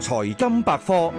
財金百科，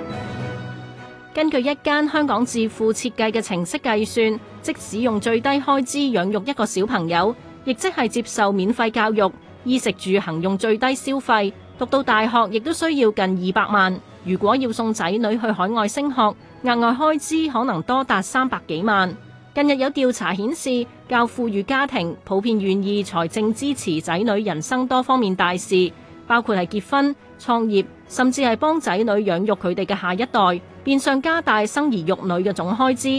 根據一間香港智庫設計嘅程式計算，即使用最低開支養育一個小朋友，亦即係接受免費教育、衣食住行用最低消費，讀到大學亦都需要近二百萬。如果要送仔女去海外升學，額外開支可能多達三百幾萬。近日有調查顯示，較富裕家庭普遍願意財政支持仔女人生多方面大事。包括係結婚、創業，甚至係幫仔女養育佢哋嘅下一代，變相加大生兒育女嘅總開支。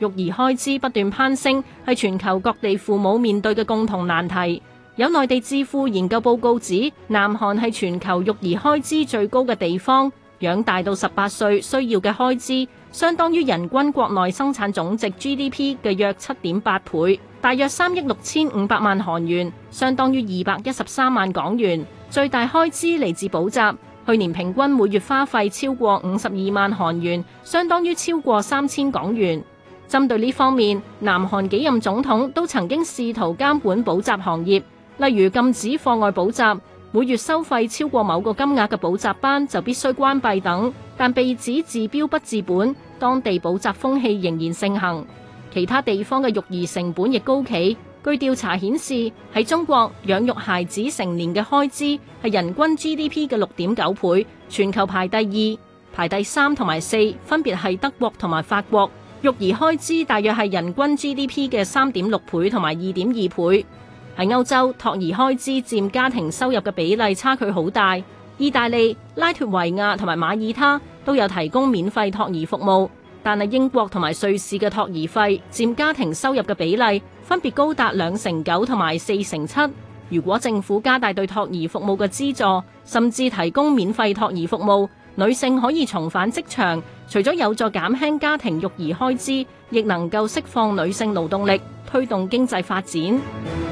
育兒開支不斷攀升，係全球各地父母面對嘅共同難題。有內地智庫研究報告指，南韓係全球育兒開支最高嘅地方。養大到十八歲需要嘅開支，相當於人均國內生產總值 GDP 嘅約七點八倍，大約三億六千五百萬韓元，相當於二百一十三萬港元。最大開支嚟自補習，去年平均每月花費超過五十二萬韓元，相當於超過三千港元。針對呢方面，南韓幾任總統都曾經試圖監管補習行業，例如禁止課外補習。每月收費超過某個金額嘅補習班就必須關閉等，但被指治標不治本，當地補習風氣仍然盛行。其他地方嘅育兒成本亦高企。據調查顯示，喺中國養育孩子成年嘅開支係人均 GDP 嘅六點九倍，全球排第二，排第三同埋四分別係德國同埋法國。育兒開支大約係人均 GDP 嘅三點六倍同埋二點二倍。喺歐洲，托兒開支佔家庭收入嘅比例差距好大。意大利、拉脫維亞同埋馬耳他都有提供免費托兒服務，但係英國同埋瑞士嘅托兒費佔家庭收入嘅比例分別高達兩成九同埋四成七。如果政府加大對托兒服務嘅資助，甚至提供免費托兒服務，女性可以重返職場，除咗有助減輕家庭育兒開支，亦能夠釋放女性勞動力，推動經濟發展。